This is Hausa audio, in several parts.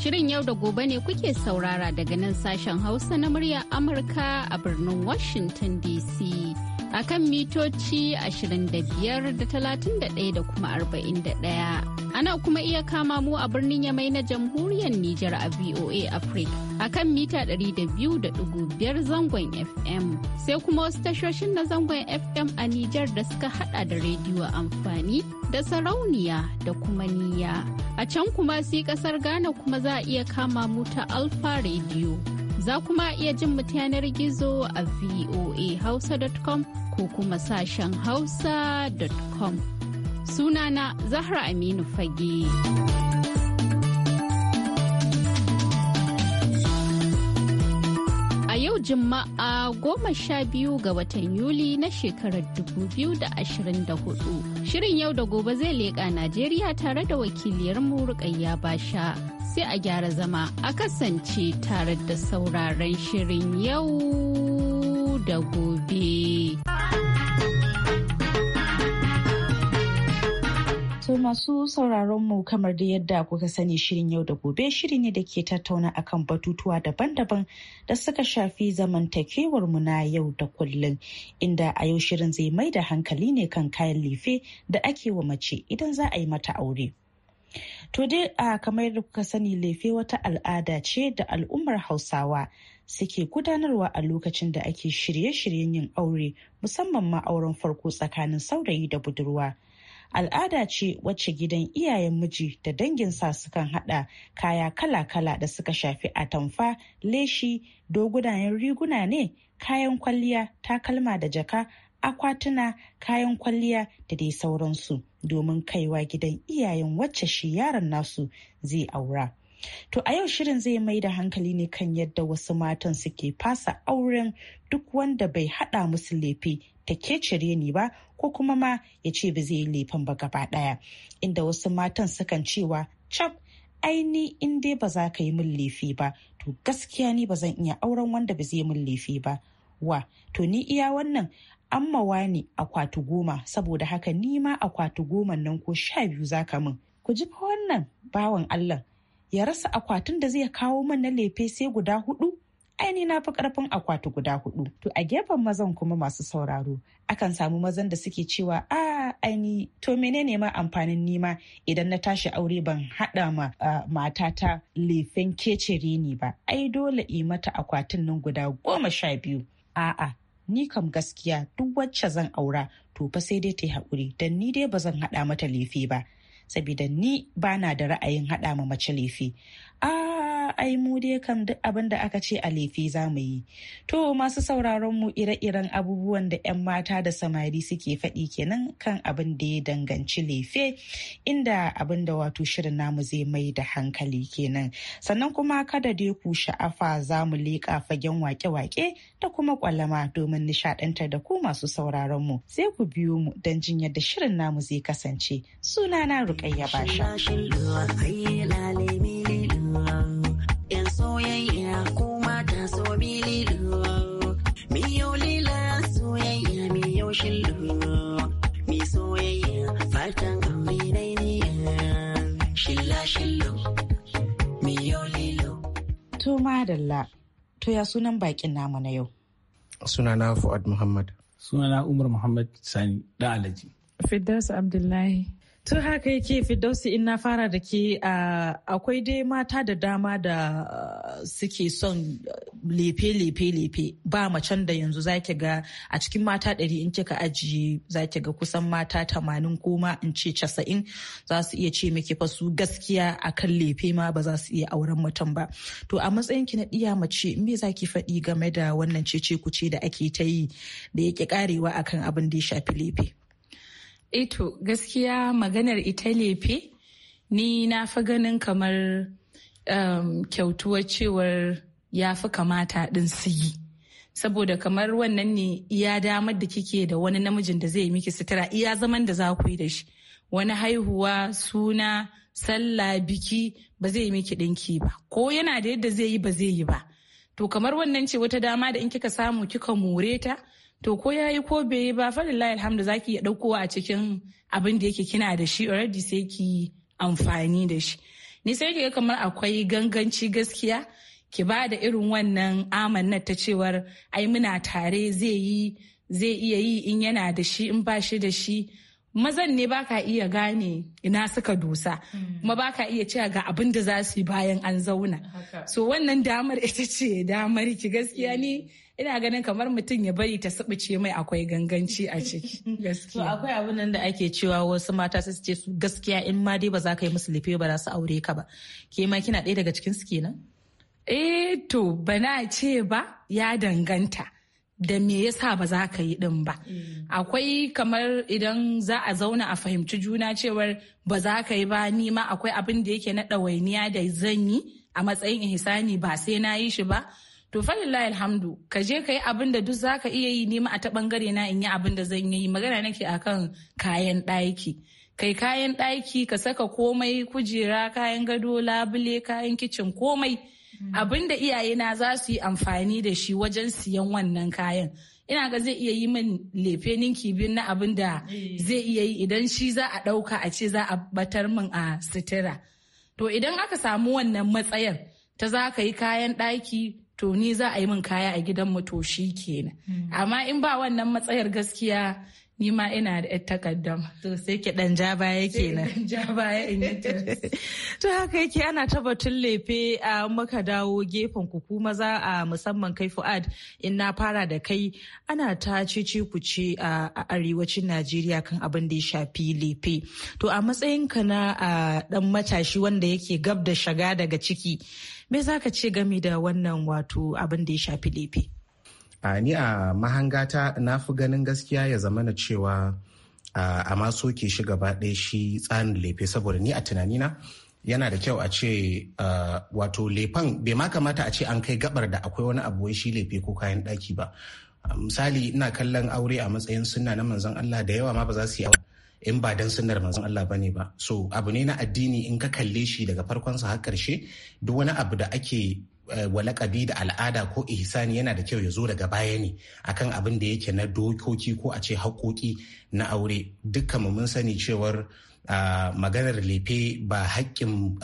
Shirin yau da gobe ne kuke saurara daga nan sashen Hausa na muryar Amurka a birnin Washington DC. akan mitoci 25 da 31 da kuma 41. Ana kuma iya kama mu a birnin Yamai na jamhuriyar Nijar a VOA Africa a kan mita 200.5 zangon FM. Sai kuma wasu tashoshin na zangon FM a Nijar da suka hada da rediyo amfani da sarauniya da kuma niya. A can kuma sai kasar Ghana kuma za a iya kama mu ta Alfa Radio. Za kuma iya jin mu yanar gizo a voahausa.com ko kuma sashen hausa.com. Sunana Zahra Aminu Fage. A yau Juma'a goma sha biyu ga watan Yuli na shekarar 2024. Shirin yau da gobe zai leƙa Najeriya tare da wakiliyar Rukayya Basha. Sai a gyara zama a kasance tare da sauraron shirin yau da gobe. masu sauraron mu kamar da yadda kuka sani shirin yau da gobe shiri ne da ke tattauna akan batutuwa daban-daban da suka shafi zamantakewar mu na yau da kullun inda a yau shirin zai mai da hankali ne kan kayan lefe da ake wa mace idan za a yi mata aure. To dai a kamar yadda kuka sani lefe wata al'ada ce da al'ummar Hausawa suke gudanarwa a lokacin da ake shirye-shiryen yin aure musamman ma auren farko tsakanin saurayi da budurwa. al'ada ce wacce gidan iyayen miji da danginsa sukan hada kaya kala-kala da suka shafi atamfa leshi dogunayen riguna ne kayan kwalliya takalma da jaka akwatuna kayan kwalliya da dai sauransu domin kaiwa gidan iyayen wacce shi yaron nasu zai aura To a yau shirin zai mai da hankali ne kan yadda wasu matan suke fasa auren duk wanda bai hada musu laifi ta kecere ni ba ko kuma ma ya ce ba zai yi laifin ba gaba ɗaya inda wasu matan sukan cewa cap aini in dai ba za ka yi min laifi ba to gaskiya ni ba zan iya auren wanda ba zai min laifi ba wa to ni iya wannan an mawa ne akwati goma saboda haka ni ma akwati goma nan ko sha biyu za ka min ku ji fa wannan bawan allah ya rasa akwatin da zai kawo min na lefe sai guda hudu aini na fi karfin akwati guda hudu to a gefen mazan kuma masu sauraro akan samu mazan da suke cewa a aini to menene ma amfanin nima idan na tashi aure ban hada ma matata lefen kecere ni ba ai dole yi mata akwatin nan guda goma sha biyu a'a ni kam gaskiya duk wacce zan aura to fa sai dai ta yi haƙuri dan ni dai ba zan haɗa mata lefe ba sabida ni bana da ra'ayin haɗa ma mace lefe a ai mu dai kan duk abin da aka ce a lefe za mu yi to masu sauraron mu ire-iren abubuwan da 'yan mata da samari suke faɗi kenan kan abin da ya danganci lefe inda abin da wato shirin namu zai mai da hankali kenan sannan kuma kada dai ku sha'afa za mu leƙa fagen wake-wake da kuma ƙwalama domin nishaɗantar da ku masu sauraron mu sai ku biyo mu don jin yadda shirin namu zai kasance sunana rukayya basha madalla. To ya sunan bakin namu na yau? Sunana Fuad Muhammad. Sunana Umar Muhammad Sani da Alhaji. Firdausu Abdullahi. tun haka yake fidausi in na fara da ke ah, akwai dai mata da dama da ah, suke son ah, lefe lefe lefe ba macen da yanzu zaki ga a cikin mata ɗari in kika ajiye zaki ga kusan mata tamanin koma in ce casa'in za su iya ce miki fasu su gaskiya akan lefe ma ba za su iya auren mutum ba to a matsayin ki na ɗiya mace me zaki faɗi game da wannan cece kuce da ake ta yi da yake karewa akan abin da ya shafi lefe eto eh gaskiya maganar ita lefe ni na fi ganin kamar um, kyautuwar cewar ya fi kamata ɗin su yi saboda kamar wannan ne iya damar da kike da wani namijin da zai miki sutura iya zaman da za ku yi da shi wani haihuwa suna sallah biki ba zai yi miki ɗinki ba ko yana da yadda zai yi ba zai yi ba to kamar wannan ce wata dama da in kika samu kika more ta to ko ya yi ko bai yi ba lai alhamdu za ki iya a cikin abin da yake kina da shi already sai ki amfani da shi ni sai ki ga kamar akwai ganganci gaskiya ki ba da irin wannan amannar ta cewar ai muna tare zai yi zai iya yi in yana da shi in ba shi da shi mazan ne baka iya gane ina suka dosa mm. kuma baka iya cewa ga abin da za su yi bayan an zauna so wannan damar ita ce damar ki gaskiya ni eh. ina ganin kamar mutum ya bari ta ce mai akwai ganganci a ciki gaskiya akwai abin nan da ake cewa wasu mata su ce su gaskiya in ma dai ba za ka yi musu lefe ba za su aure ka ba ke ma kina ɗaya daga cikin su kenan eh to bana ce ba ya danganta da me yasa ba za ka yi din ba mm. akwai kamar idan za a zauna a fahimci juna cewar ba za ka yi ba ni ma akwai abin da yake na ɗawainiya da zan yi a matsayin ihsani ba sai na yi shi ba to falillahi alhamdu ka je ka yi abin da duk zaka iya yi nema a ta bangare na in yi abin da zan yi magana nake akan kayan ɗaki kai kayan ɗaki ka saka komai kujera kayan gado labule kayan kicin komai mm. abin da na za su yi amfani da shi wajen siyan wannan kayan ina ga zai iya yi min lefe ninki biyu na abin da eh. zai iya yi idan shi za a ɗauka a ce za a batar min a sutura to idan aka samu wannan matsayar ta za ka yi kayan ɗaki to ni za a yi min kaya a gidanmu to shi kenan hmm. amma in ba wannan matsayar gaskiya ni ma ina da yar takaddama to sai ki dan ja baya kenan ja baya in to haka yake ana ta batun lefe a muka dawo gefen ku ku maza a musamman kai Fuad in na fara da kai ana ta cece ku ce a arewacin Najeriya kan abin da ya shafi lefe to a matsayinka na dan matashi wanda yake gab da shaga daga ciki me za ka ce game da wannan wato abin da ya shafi lefe a ni a mahangata na fi ganin gaskiya ya zama na cewa a maso ke shi gaba ɗaya shi tsarin lefe saboda ni a tunanina yana da kyau a ce wato lefan bai ma kamata a ce an kai gabar da akwai wani abu shi lefe ko kayan ɗaki ba misali ina kallon aure a matsayin suna na manzon Allah da yawa ma ba za su yi aure in ba dan sunnar manzon Allah bane ba so abu ne na addini in ka kalle shi daga farkon sa har karshe duk wani abu da ake eh, walakabi da al'ada ko ihsani yana da kyau ya zo daga baya ne akan abin da yake na dokoki ko a ce haƙoƙi na aure dukkan mun sani cewar maganar lefe ba haƙƙin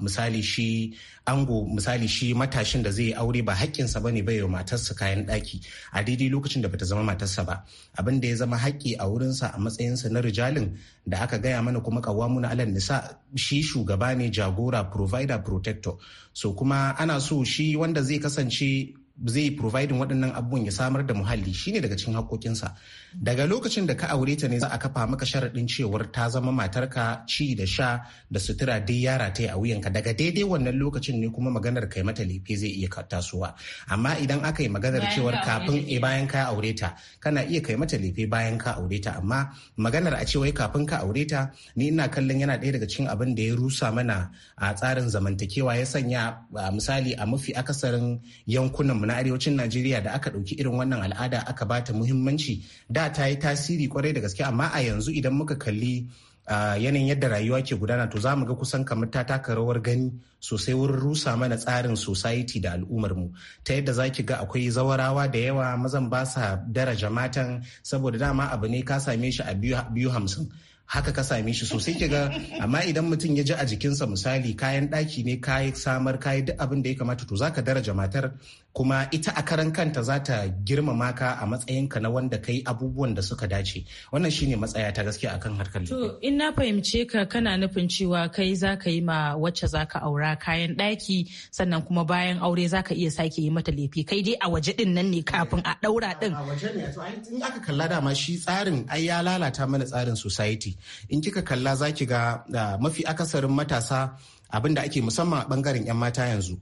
misali shi ango misali shi matashin da zai aure ba haƙƙinsa ba ne bai wa matarsa kayan ɗaki a daidai lokacin da bata zama matarsa ba abin da ya zama haƙƙi a wurinsa a matsayinsa na rijalin da aka gaya mana kuma na alal nisa shi shugaba ne jagora provider protector so kuma ana so shi wanda zai kasance zai providing waɗannan abubuwan ya samar da muhalli shine daga cikin haƙƙoƙinsa. daga lokacin da ka aure ta ne za a kafa maka sharaɗin cewar ta zama matarka ci da sha da sutura dai yara ta a wuyanka daga daidai wannan lokacin ne kuma maganar kai mata lefe zai iya tasowa amma idan aka yi maganar cewar kafin e bayan ka aure ta kana iya kai mata lefe bayan ka aure ta amma maganar a cewa kafin ka aure ta ni ina kallon yana ɗaya daga cikin abin da ya rusa mana a tsarin zamantakewa ya sanya misali a mafi akasarin yankunanmu na arewacin najeriya da aka ɗauki irin wannan al'ada aka bata muhimmanci da ta yi tasiri kwarai da gaske amma a yanzu idan muka kalli yanayin yadda rayuwa ke gudana to za mu ga kusan kamar ta taka rawar gani sosai wurin rusa mana tsarin society da al'ummar mu ta yadda za ki ga akwai zawarawa da yawa mazan ba sa daraja matan saboda dama abu ne ka same shi a biyu hamsin haka ka same shi sosai ki ga amma idan mutum ya ji a jikinsa misali kayan ɗaki ne ka samar kayi duk abin da ya kamata to zaka daraja matar kuma ita a karan kanta za ta girmama ka a matsayinka na wanda kai abubuwan da suka dace wannan shine matsaya ta gaskiya akan harkar to in na fahimce ka kana nufin cewa kai za ka yi ma wacce za ka aura kayan ɗaki sannan kuma bayan aure za ka iya sake yi mata laifi kai dai a waje din nan ne kafin a daura din a waje ne to in aka kalla dama shi tsarin ai ya lalata mana tsarin society in kika kalla za ki ga ah, mafi akasarin matasa abinda ake musamman a bangaren 'yan mata yanzu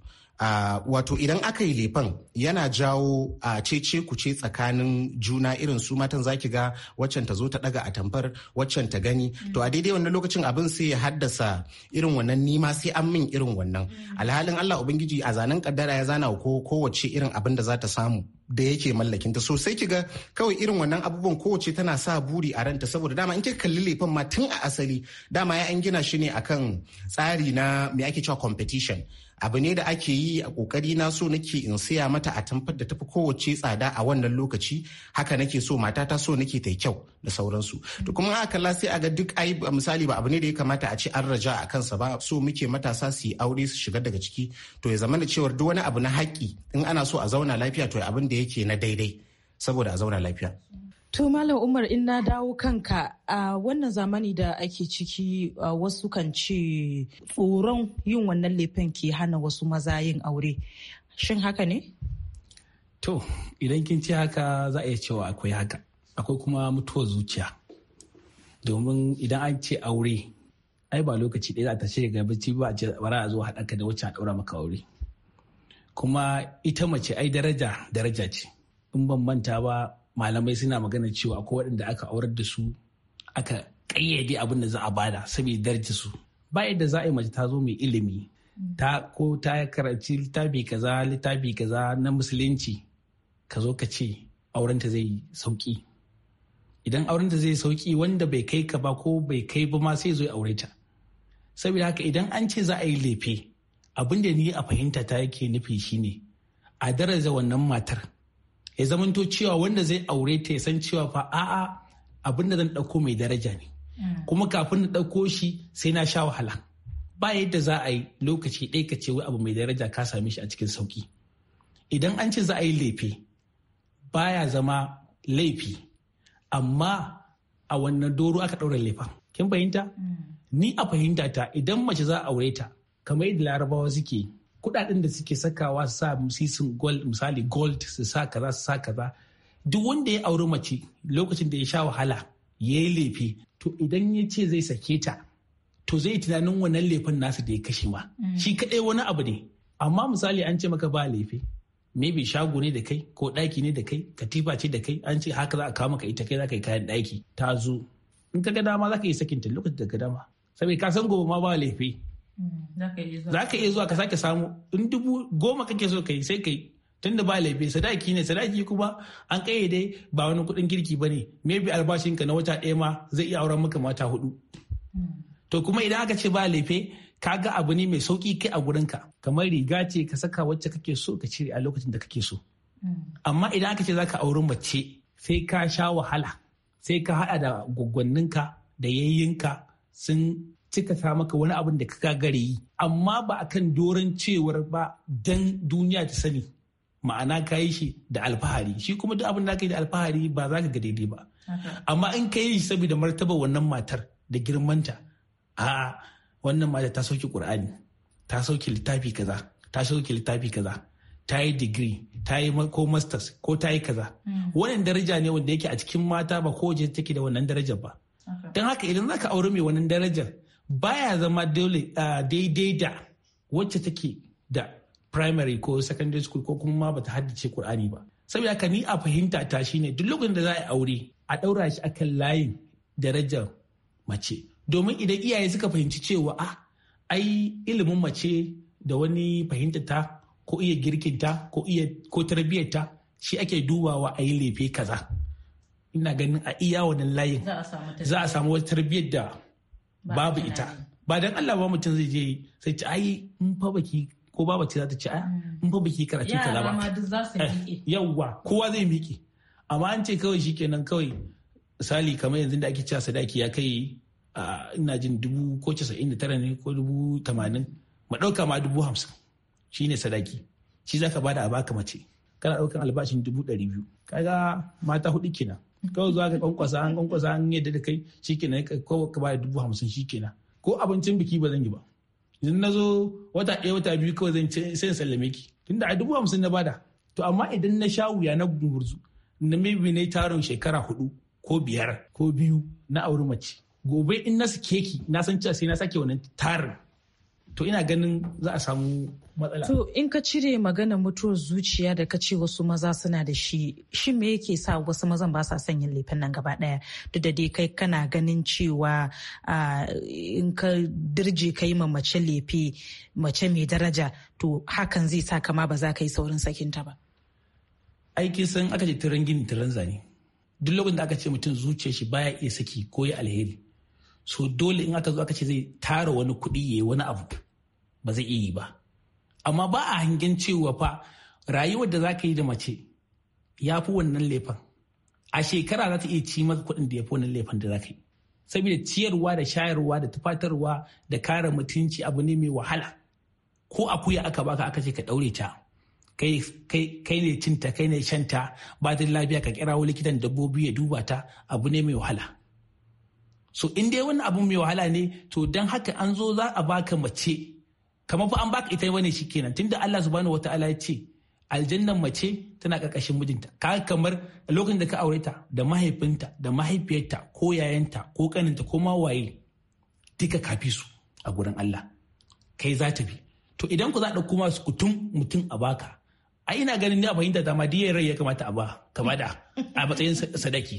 wato idan aka yi lefan yana jawo a uh, cece kuce tsakanin juna irin su matan zaki ga waccan ta zo ta daga tamfar waccan ta gani mm. to a daidai wannan lokacin abin sai ya haddasa irin wannan nima sai an min irin wannan mm. alhalin Allah ubangiji a zanen kaddara ya zana ko kowace irin abin da za ta samu da yake mallakinta sosai ki ga kawai irin wannan abubuwan kowace tana sa buri a ranta saboda dama in kika kalli lefan ma tun a asali dama ya an gina shi ne akan tsari na me ake cewa competition abu ne da ake yi a kokari na so nake in siya mata a tamfar da tafi kowace tsada a wannan lokaci haka nake so mata ta so nake ta kyau da sauransu to kuma haka la sai a ga duk ai misali ba abu ne da ya kamata a ce an raja a kansa ba so muke matasa su yi aure su shigar daga ciki to ya zama da cewar duk wani abu na haƙƙi in ana so a zauna lafiya to abin da yake na daidai saboda a zauna lafiya. To Malam Umar in na dawo kanka a wannan zamani da ake ciki wasu kan ce tsoron yin wannan laifin ke hana wasu maza yin aure. Shin haka ne? To idan kin ce haka za a iya cewa akwai haka. Akwai kuma mutuwar zuciya. Domin idan an ce aure ai ba lokaci ɗaya za ta ce ga bacci ba a zo haɗa da wacce a ɗaura maka aure. kuma ita mace ai daraja daraja ce in ban manta ba malamai suna magana cewa akwai waɗanda aka aurar da su aka ƙayyade abin da za a bada saboda darje su ba yadda za a yi mace ta zo mai ilimi ta ko ta karanci littafi kaza littafi kaza na musulunci ka zo ka ce aurenta zai sauki idan aurenta zai sauki wanda bai kai ka ba ko bai kai ba ma sai zo ya aure ta saboda haka idan an ce za a yi lefe abin da ni a fahimta ta yake nufi shine a daraja wannan matar ya zamanto cewa wanda zai aure ta ya san cewa fa a'a abin da zan ɗauko mai daraja ne mm. kuma kafin na ɗauko shi sai na sha wahala ba yadda za a yi lokaci ɗaya ka ce wai abu mai daraja ka same shi a cikin sauki idan an ce za a yi laifi baya zama laifi amma a wannan doro aka ɗaura laifin kin fahimta mm. ni a fahimta ta idan mace za a aure ta kamar yadda larabawa suke kudaden da suke sakawa su sa sisin gold misali gold su sa kaza su sa kaza duk wanda ya auri mace lokacin da ya sha wahala ya yi laifi to idan ya ce zai sake ta to zai tunanin wannan laifin nasu da ya kashe ma mm. shi kadai wani abu ne amma misali an ce maka ba laifi maybe shago ne da kai ko ɗaki ne da kai katifa ce da kai an ce haka za a kawo maka ita kai za ka yi kayan ɗaki ta zo in ka ga dama za ka yi sakinta lokacin da ka dama saboda ka san gobe ma ba laifi za ka iya zuwa ka sake samu in dubu goma kake so kai sai kai tunda ba laifi sadaki ne sadaki kuma an kayyade ba wani kuɗin girki ba ne maybe albashinka na wata ɗaya ma zai iya auren maka mata hudu to kuma idan aka ce ba laifi ka ga abu ne mai sauki kai a gurinka kamar riga ce ka saka wacce kake so ka cire a lokacin da kake so amma idan aka ce za ka auri mace sai ka sha wahala sai ka haɗa da gwaggwanninka da yayyinka sun cikata maka wani abin da ka gare yi amma ba a kan doron cewar ba dan duniya ta sani ma'ana ka yi shi da alfahari shi kuma duk abin da ka yi da alfahari ba za ka ga daidai ba amma in ka yi shi saboda martaba wannan matar da girmanta a wannan matar ta sauke qur'ani ta sauki littafi kaza ta sauke littafi kaza ta yi digiri ta yi ko masters ko ta yi kaza hmm. wannan daraja ne wanda yake a cikin mata ba ko take da wannan darajar ba don haka idan zaka aure mai wannan darajar baya zama dole daidai da wacce take da primary ko secondary school ko kuma ma bata haddace Kur'ani ba. Saboda haka ni a fahimta ta shine duk lokacin da za a yi aure a ɗaura shi a kan layin darajar mace. Domin idan iyaye suka fahimci cewa a ah, ai ilimin mace da wani fahimta ta ko iya girkinta ko iya ko tarbiyyarta shi ake dubawa a yi lefe kaza. Ina ganin a iya wannan layin za a samu wata tarbiyyar da babu ita ba dan Allah ba mutum zai je sai ci ai in fa baki ko ba bace za ta ci a mm. in fa baki karatun kaza ba yawwa eh, kowa zai miki. amma an ce kawai shikenan kawai misali kamar yanzu da ake cewa sadaki ya kai ina jin dubu ko casa'in da tara ne ko dubu tamanin ma ɗauka ma dubu hamsin shi sadaki shi za ka bada a baka mace kana ɗaukan albashin dubu ɗari biyu kaga mata hudu kenan kawai zuwa ka kwankwasa an kwankwasa an yadda da kai shikenan kawai ka bada dubu hamsin na. ko abincin biki ba zan yi ba idan na zo wata ɗaya wata biyu kawai zan ce sai sallame ki tunda a dubu hamsin na bada to amma idan na sha wuya na gumurzu na maybe na taron shekara hudu ko biyar ko biyu na auri mace gobe in na sake ki na san cewa sai na sake wannan tarin to ina ganin za a samu matsala. To in ka cire magana mutuwar zuciya da ka ce wasu maza suna da shi, shi me yake sa wasu mazan ba sa son yin laifin nan gaba ɗaya? Duk da dai kai kana ganin cewa in ka dirje ka yi ma mace lefe mace mai daraja to hakan zai sa kama ba za ka yi saurin sakinta ba. Aiki san aka ce tiran gini tiran zane. Duk lokacin da aka ce mutum zuciyar shi baya iya saki ko ya alheri. So dole in aka zo aka ce zai tara wani kuɗi ya yi wani abu ba zai iya yi ba. amma ba a hangen cewa fa rayuwar da za ka yi da mace ya fi wannan laifin a shekara za ta iya ci maka kuɗin da ya fi wannan laifin da za ka yi saboda ciyarwa da shayarwa da tufatarwa da kare mutunci abu ne mai wahala ko akuya aka baka aka ce ka ɗaure ta kai ne cinta kai ne shanta ba ta lafiya ka kirawo likitan dabbobi ya duba ta abu ne mai wahala so in dai wani abu mai wahala ne to don haka an zo za a baka mace kamar fa an baka ita shi shikenan tunda Allah subhanahu wataala ya ce aljannan mace tana karkashin mijinta ka kamar lokacin da ka aure ta da mahaifinta da mahaifiyarta ko yayanta ko kaninta ko ma waye duka kafi su a gurin Allah kai za ta bi to idan ku za ɗauko masu kutum mutum a baka ai ina ganin ni a fahimta dama diyar rai ya kamata a ba kama da a matsayin sadaki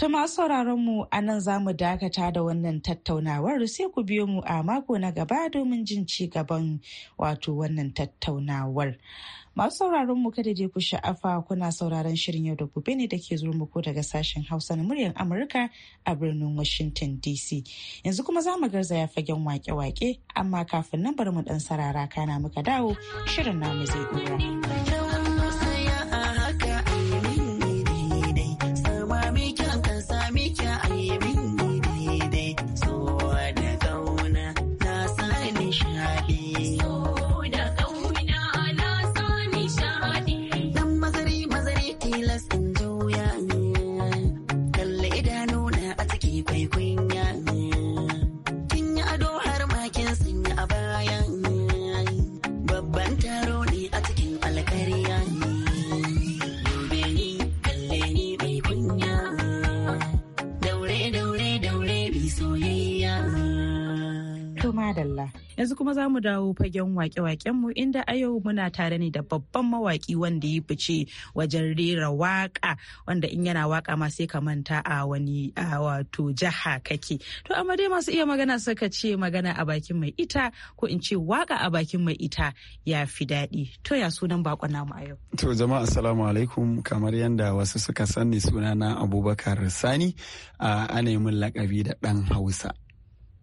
To masu sauraron mu a nan za mu dakata da wannan tattaunawar sai ku biyo mu a mako na gaba domin jin ci gaban wato wannan tattaunawar. Masu sauraron mu kada je ku sha'afa kuna sauraron shirin yau da gobe ne da ke zuwa muku daga sashen Hausa na muryar Amurka a birnin Washington DC. Yanzu kuma za mu ya fagen wake-wake amma kafin nan bari mu dan sarara kana muka dawo shirin namu zai dora. yanzu kuma za mu dawo fagen wake-wakenmu inda a yau muna tare ne da babban mawaki wanda ya fice wajen rera waka wanda in yana waka ma sai ka manta a wani wato jiha kake to amma dai masu iya magana suka ce magana a bakin mai ita ko in ce waka a bakin mai ita ya fi daɗi to ya sunan bakon namu a yau to jama'a assalamu alaikum kamar yanda wasu suka sani sunana abubakar sani a ana min lakabi da ɗan hausa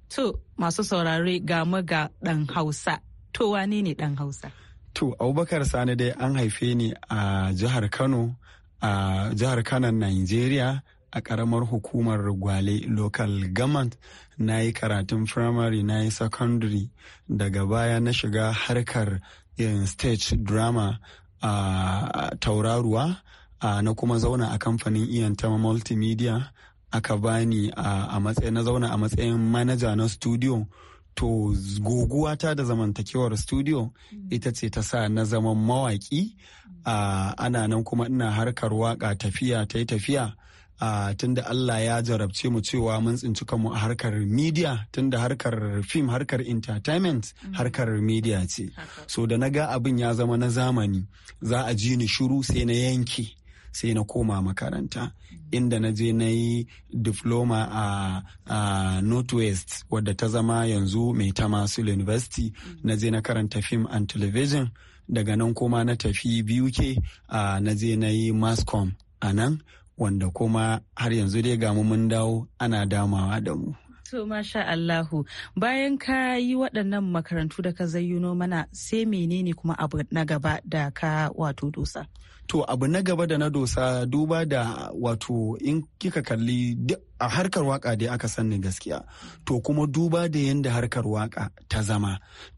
To masu saurare ga ga ɗan Hausa. To wane ne ɗan Hausa? To Abubakar Sani dai an haife ni a jihar Kano a jihar Kanan Nigeria a karamar hukumar Gwale local government na yi karatun primary na yi secondary daga baya na shiga harkar yin stage drama a tauraruwa na kuma zauna a kamfanin iyan ta multimedia aka bani a matsayin na zauna a matsayin manaja na studio to ta da zamantakewar studio mm. ita ce ta sa na zaman mawaki ana nan kuma ina harkar waka tafiya ta yi tafiya tunda Allah ya jarabce mu cewa mun tsinci kanmu a harkar media tunda harkar fim harkar entertainment mm. harkar media ce so da na ga abin ya zama na zamani za a ji ni shuru sai na yanke sai na koma makaranta mm. inda na je na yi diploma a, uh, northwest wadda ta zama yanzu mai ta masu university mm. na je na karanta film and television daga nan kuma na tafi BUK a na je na yi mascom a nan wanda kuma har yanzu dai gamu mun dawo ana damawa da mu To masha Allahu bayan ka yi waɗannan makarantu da ka zayyuno mana sai menene kuma abu na gaba da ka wato dosa. to abu na gaba da na dosa duba da wato in kika kalli a harkar waka dai aka sanni gaskiya to kuma duba da yadda harkar waka ta zama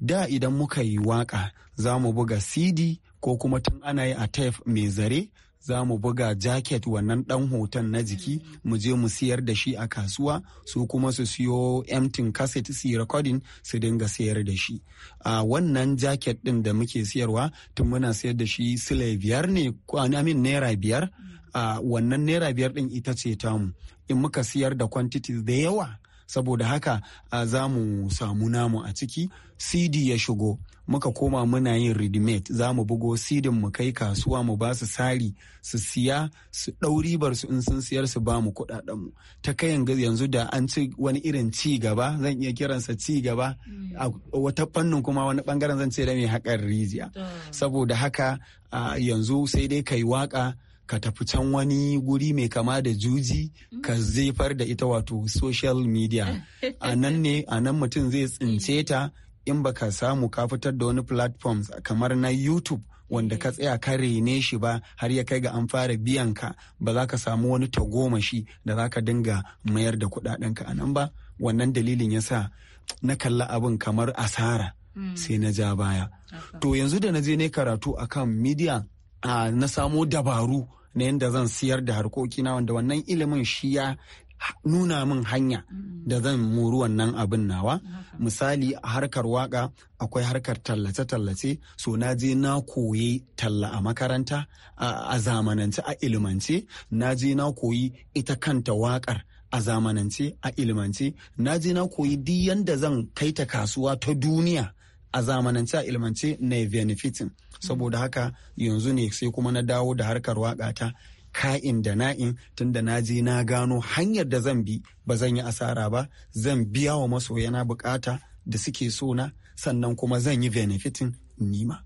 da idan muka yi waka za mu buga cd ko kuma tun ana yi a tef mai zare za mu buga jaket wannan dan hoton na jiki mu je mu siyar da shi a kasuwa su kuma su siyo emtin kaset su recording su dinga siyar da shi a wannan jaket din da muke siyarwa tun muna siyar da shi silai biyar ne amin naira biyar a wannan naira biyar din ita ce tamu in muka siyar da quantities da yawa saboda haka za mu samu namu a ciki cd ya shigo muka koma muna yin redimate za mu bugo sidin mu kai kasuwa mu ba su sari su siya su ɗau ribar su in sun siyar su ba mu kuɗaɗen mu ta kai yanzu da an ci wani irin ci gaba zan iya kiransa ci gaba a wata fannin kuma wani bangaren zan ce da mai haƙar rijiya saboda haka yanzu sai dai kai waka ka tafi can wani guri mai kama da juji ka zefar da ita wato social media a nan ne a nan mutum zai tsince ta in ba ka samu ka fitar da wani platforms kamar na youtube wanda ka tsaya ka rene shi ba har ya kai ga an fara biyan ka ba za ka samu wani tagomashi da za ka dinga mayar da kudaden ka. a nan ba wannan dalilin ya sa na kalla abin kamar asara hmm. sai na ja baya to yanzu da na je ne karatu akan media na samo dabaru na yadda zan siyar da harkokina wanda wannan ilimin shi ya nuna min hanya mm. da zan moru wannan abin nawa misali a harkar waka akwai harkar tallace-tallace so na je na koyi talla a makaranta a zamanance a ilimance na je na koyi ita kanta wakar a zamanance a ilimance na je na koyi duk yadda zan kai ta kasuwa ta duniya a zamanance a ilimance na benefitin. saboda haka yanzu ne sai kuma na dawo da harkar waƙa ka'in da na'in tunda na je na gano hanyar da zan bi ba zan yi asara ba zan biya wa masoyana bukata da suke so na sannan kuma zan yi benefitin nima.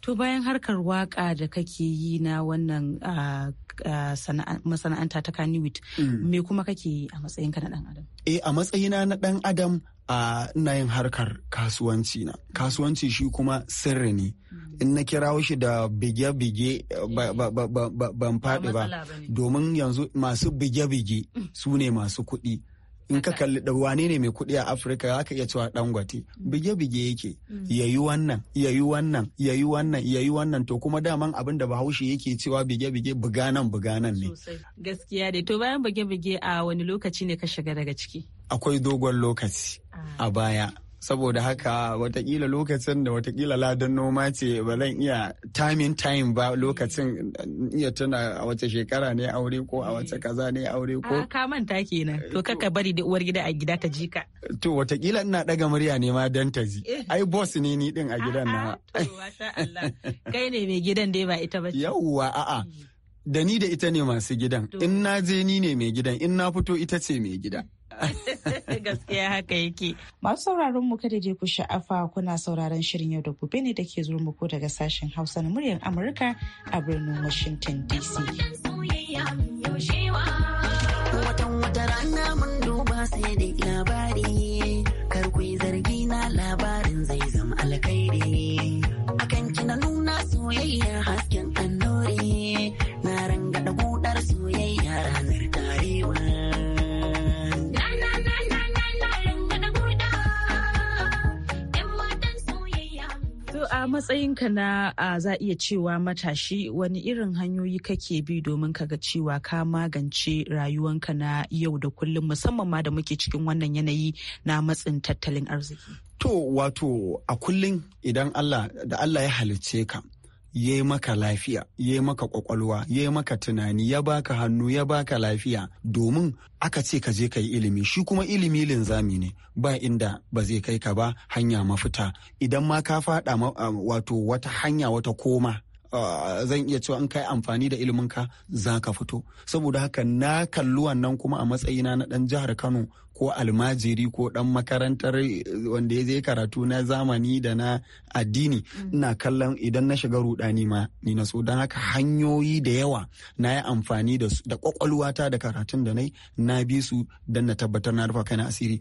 To bayan harkar waka da kake yi na wannan masana'anta ta kaniwit mm. me kuma kake yi a matsayinka na dan adam? Eh a matsayina na dan adam a ina yin harkar kasuwanci na kasuwanci shi kuma sirri ne mm. in na kira shi da bige-bige eh, eh. ban faɗi ba domin yanzu masu bige-bige su ne masu kuɗi in ka kalli da wane ne mai kuɗi a afirka za ka iya cewa dangote mm. bige-bige yake mm. yayi wannan yayi wannan yayi wannan yayi wannan to kuma daman abin da bahaushe yake cewa bige-bige buganan buganan ne gaskiya dai to bayan bige-bige a wani lokaci ne ka shiga daga ciki akwai dogon lokaci a ah. baya saboda haka watakila lokacin da watakila ladan noma ce ba zan iya in time ba lokacin iya tuna a wace shekara ne aure ko a wace kaza ne aure ko ah, ka manta kenan to kaka bari da uwar gida a gida ta ji ka to watakila ina daga murya ne ma dan ta ji eh. ai boss ne ni din a gidan na ah, kai ne mai gidan dai ba ita ba yauwa a'a hmm. da ni da ita ne masu gidan in na je ni ne mai gidan in na fito ita ce mai gidan. Gaskiya haka yake. Masu sauraron mu kada je ku sha'afa kuna sauraron shirin yau da gobe ne dake ke zuwa muku daga sashen Hausa na muryar Amurka a birnin Washington DC. Watan wata rana mun duba sai da labari kar ku yi zargi na labarin zai zama alkhairi akan kina nuna soyayya matsayinka na a za iya cewa matashi wani irin hanyoyi kake bi domin ka ga cewa ka magance rayuwanka na yau da kullum musamman ma da muke cikin wannan yanayi na matsin tattalin arziki? To wato a kullum idan Allah da Allah ya halicce ka ya yi maka lafiya ya yi maka kwakwalwa ya yi maka tunani ya baka hannu ya baka lafiya domin aka ce ka je ka yi ilimi shi kuma ilimi linzami ne ba inda ba zai kai ka ba hanya mafita idan ma ka fada ah, wato wata hanya wata koma ah, zan iya cewa an kai amfani da iliminka za ka fito saboda haka na kalli wannan kuma a matsayina na ɗan jihar kano ko almajiri ko dan makarantar eh, wanda ya je karatu na zamani da na addini mm. ina kallon idan na shiga rudani ma ni na so don haka hanyoyi da yawa na yi amfani da kwakwalwata da karatun da nai na bi su don na tabbatar na rufa kana asiri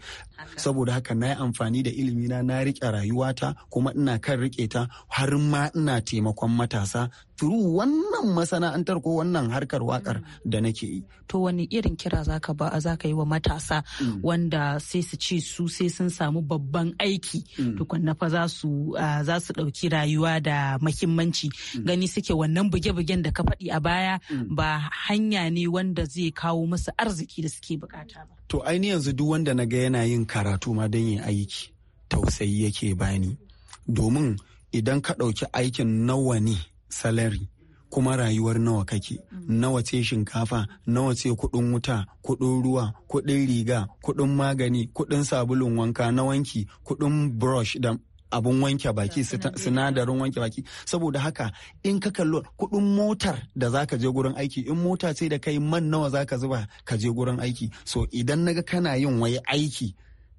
saboda haka na yi amfani da ilimi na na rike rayuwata kuma ina kan rike ta har ma ina taimakon matasa turu wannan masana'antar ko wannan harkar wakar mm. da nake yi. To wani irin kira zaka ba yi wa matasa mm. wanda sai su ce su sai sun samu babban aiki mm. tukunna fa za su za ɗauki rayuwa da mahimmanci gani suke wannan buge-bugen da ka faɗi a baya ba hanya ne wanda zai kawo masu arziki da suke bukata ba. To aini yanzu duk wanda na ga yana yin karatu ma don yin aiki tausayi yake bani domin idan ka ɗauki aikin nawa ne salari kuma rayuwar nawa kake nawa ce shinkafa nawa ce kudin wuta kudin ruwa kudin riga kudin magani kudin sabulun wanka na wanki kudin brush da abun wanke baki sinadarin wanke baki saboda haka in ka kallo kudin motar da zaka je gurin aiki in mota ce da kai man nawa zaka zuba ka je gurin aiki so idan naga kana yin wai aiki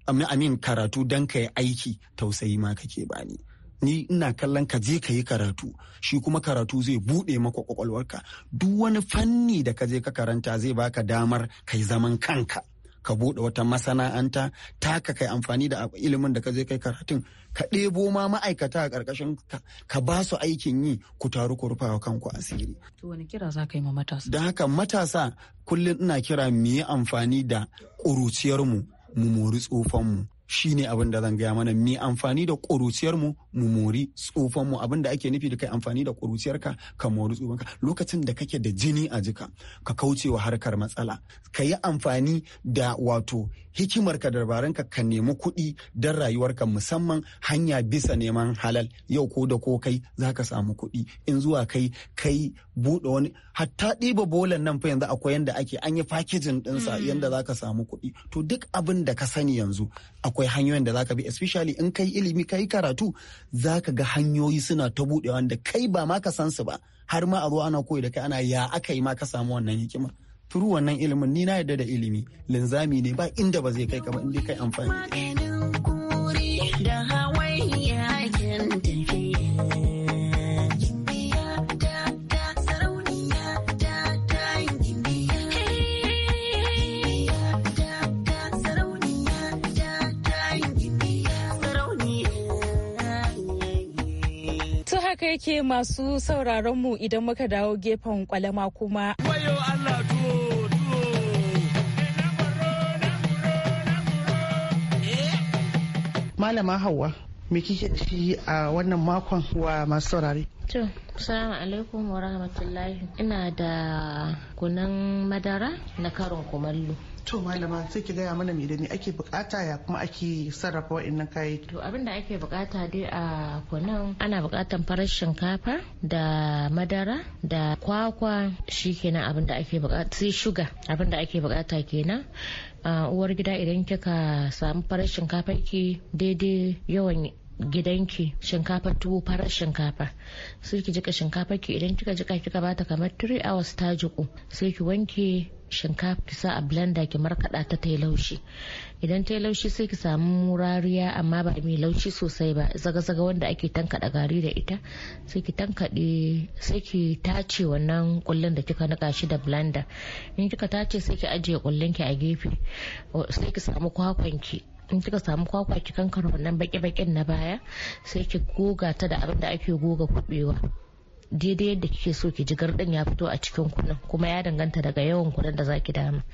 amin karatu dan ka aiki tausayi ma kake bani ni ina kallon ka je ka yi karatu shi kuma karatu zai buɗe maka kwakwalwarka duk wani fanni da ka je ka karanta zai baka damar ka yi zaman kanka ka buɗe wata masana'anta taka kai amfani da ilimin da ka je kai karatun ka ɗebo ma ma'aikata a ƙarƙashin ka ka ba su aikin yi ku taru ku rufa wa kanku asiri. To wani kira za ka yi ma matasa? Da haka matasa kullum ina kira mu yi amfani da ƙuruciyarmu mu mori tsofanmu Shi ne abin da zan gaya mana mi amfani da ƙuruciyar mu mu mori tsufan mu abin da ake nufi da kai amfani da ƙuruciyar ka ka mori tsufan ka lokacin da kake da jini a jika ka kauce wa harkar matsala ka yi amfani da wato hikimarka ka dabarun ka nemi kuɗi don rayuwarka musamman hanya bisa neman halal yau ko da ko kai za ka samu kuɗi in zuwa kai kai buɗe wani hatta ɗiba bolan nan fa yanzu akwai yanda ake an yi fakijin ɗinsa mm. yanda za ka samu kuɗi to duk abin da ka sani yanzu a akwai hanyoyin da zaka bi especially in kai ilimi kai karatu zaka ga hanyoyi suna ta buɗe wanda kai ba ma ka san su ba har ma a ruwa ana koyi da kai ana ya aka yi ma ka samu wannan hikima turu wannan ilimin ni na yarda da ilimi linzami ne ba inda ba zai kai ka ba in dai kai amfani take masu sauraronmu idan muka dawo gefen kwalama kuma. Malama Hauwa, me kike ci a wannan makon wa masu saurare? To, salamu alaikum wa rahmatullahi. Ina da kunan madara na karin kumallo. To malama sai ki gaya mana me ake bukata ya kuma ake sarrafa wa'annan kayayyaki. To abin da ake bukata dai a kunan ana bukatan farar shinkafa da madara da kwakwa shi kenan ake bukata sai shuga abin da ake bukata kenan. uwar gida idan kika samu farar shinkafa ki daidai yawan gidanki shinkafa tuwo farar shinkafa sai ki jika shinkafa ki idan kika jika kika bata kamar 3 hours ta jiku sai ki wanke shinkafa ki sa a blender ki markaɗa ta ta laushi idan ta laushi sai ki samu murariya amma ba mai laushi sosai ba zaga-zaga wanda ake tankaɗa gari da ita sai ki tankaɗe sai ki tace wannan kullun da kika nika shi da blender in kika tace sai ki ajiye kullun ki a gefe sai ki samu kwakwan ki in kika samu kwakwa ki kankara wannan baki-bakin na baya sai ki goga ta da abin da ake goga kubewa daidai yadda kike so ki ji gardin ya fito a cikin kunan kuma ya danganta daga yawan kunun da zaki dama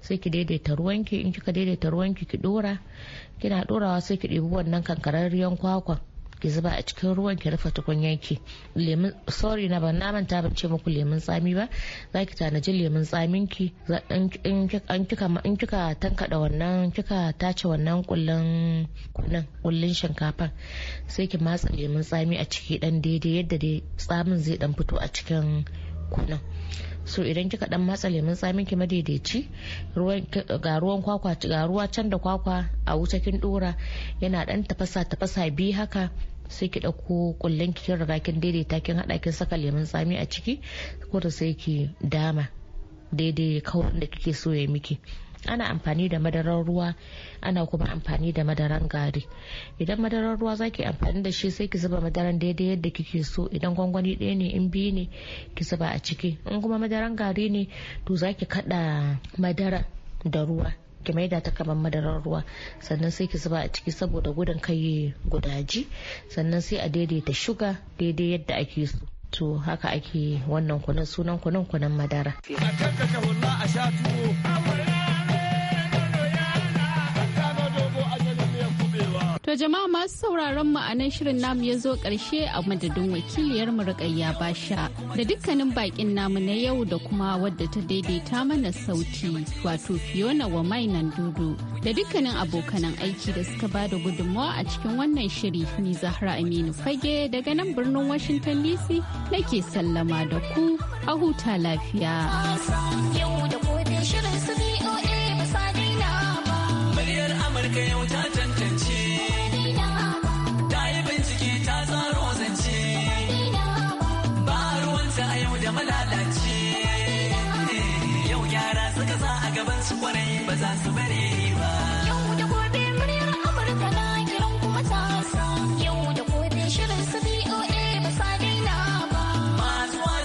sai ki daidaita ruwanki in kika daidaita ruwanki ki dora kina dorawa sai ki ɗebi wannan kankararriyar kwakwan ki zuba a cikin ruwan ki rufe tukunyan ki lemun sorry na ban manta ban ce muku lemun tsami ba za ki tanaji lemun tsamin ki in kika tankada wannan kika tace wannan kullun kullun kullun shinkafa sai ki matsa lemun tsami a ciki dan daidai yadda dai tsamin zai dan fito a cikin kunan so idan kika dan matsa lemun tsamin ki madaidaici ga ruwan kwakwa ga ruwa can da kwakwa a wuta kin dora yana dan tafasa tafasa bi haka sai ki ɗauko kullen ki kin riga kin daidaita kin haɗa kin saka lemun tsami a ciki ko da sai ki dama daidai kawai da kike so ya miki ana amfani da madarar ruwa ana kuma amfani da madaran gari idan madarar ruwa za zaki amfani da shi sai ki zuba madaran daidai yadda kike so idan gwangwani ɗaya ne in biyu ne ki zuba a ciki in kuma madaran gari ne to za ki kada madara da ruwa ki maida ta kamar madarar ruwa sannan sai ki zuba a ciki saboda gudun kai gudaji sannan sai a daidaita shuga daidai yadda ake so to haka ake wannan kunan sunan kunan kunan madara jama'a masu sauraron mu a nan shirin namu ya zo ƙarshe a madadin wakiliyar mu Basha da dukkanin bakin namu na yau da kuma wadda ta daidaita mana sauti wato Fiona wa mainan dudu da dukkanin abokan aiki da suka ba da gudunmawa a cikin wannan shiri ni Zahra Aminu Fage daga nan birnin Washington DC nake sallama da ku a huta lafiya. Yau da shirin Amurka